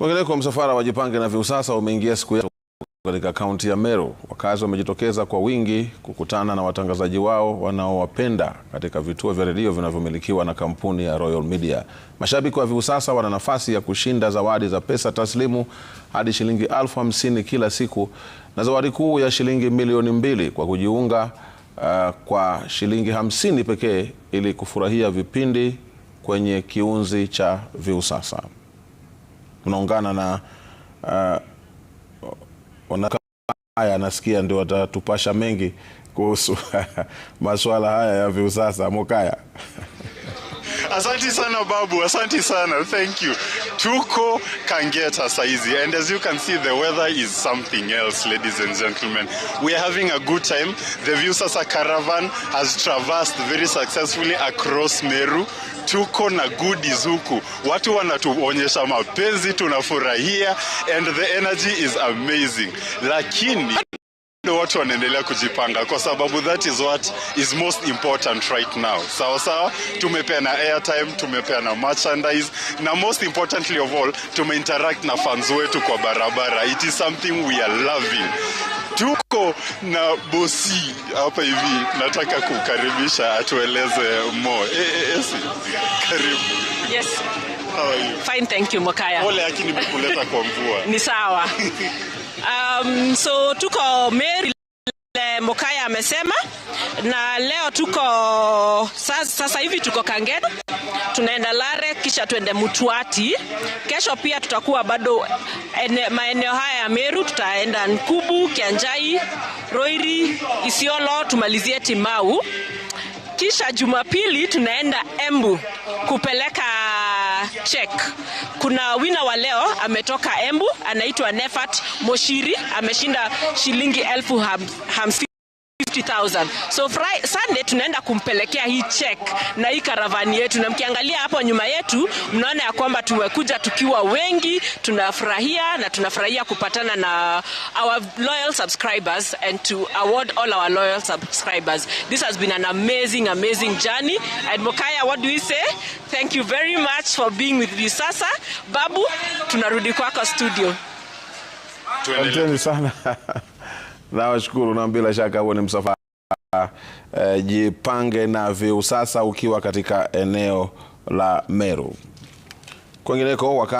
Wengineko, msafara wa Jipange na Viusasa umeingia siku ya katika kaunti ya Meru. Wakazi wamejitokeza kwa wingi kukutana na watangazaji wao wanaowapenda katika vituo vya redio vinavyomilikiwa na kampuni ya Royal Media. Mashabiki wa Viusasa wana nafasi ya kushinda zawadi za pesa taslimu hadi shilingi elfu hamsini kila siku na zawadi kuu ya shilingi milioni mbili kwa kujiunga uh, kwa shilingi hamsini pekee ili kufurahia vipindi kwenye kiunzi cha Viusasa unaungana na uh, haya nasikia ndio watatupasha mengi kuhusu masuala haya ya viusasa Mokaya. Asante sana babu, asante sana. Thank you. Tuko Kangeta saizi and as you can see the weather is something else ladies and gentlemen. We are having a good time. The Viusasa caravan has traversed very successfully across Meru tuko na good Zuku, watu wanatuonyesha mapenzi, tunafurahia and the energy is amazing, lakini ndio Watu wanaendelea kujipanga kwa sababu that is what is most important right now. Sawa sawa, tumepea na airtime, tumepea na merchandise na most importantly of all tumeinteract na fans wetu kwa barabara. It is something we are loving. Tuko na bosi hapa hivi, nataka kukaribisha atueleze more. E, e, e, Karibu. Yes. How are you? Fine, thank you, Mokaya. Pole, lakini nimekuleta kwa mvua. Ni sawa. Um, so tuko Mary Mokaya amesema, na leo tuko sasa, sasa hivi tuko Kangeda, tunaenda Lare kisha tuende Mutwati. Kesho pia tutakuwa bado ene, maeneo haya ya Meru, tutaenda Nkubu, Kianjai, Roiri, Isiolo, tumalizie Timau kisha Jumapili tunaenda Embu kupeleka check. Kuna wina wa leo ametoka Embu, anaitwa Nefat Moshiri, ameshinda shilingi elfu hamsini. 50,000. So Friday, Sunday tunaenda kumpelekea hii check na hii karavani yetu, na mkiangalia hapo nyuma yetu mnaona ya kwamba tumekuja tukiwa wengi, tunafurahia na tunafurahia kupatana na our loyal subscribers and to award all our loyal subscribers. This has been an amazing amazing journey and Mokaya, what do we say? Thank you very much for being with me sasa Babu, tunarudi kwako studio. Tuendele. Tuendele sana. Nawashukuru na bila shaka huo ni msafara uh, jipange na viu sasa ukiwa katika eneo la Meru. Kwengineko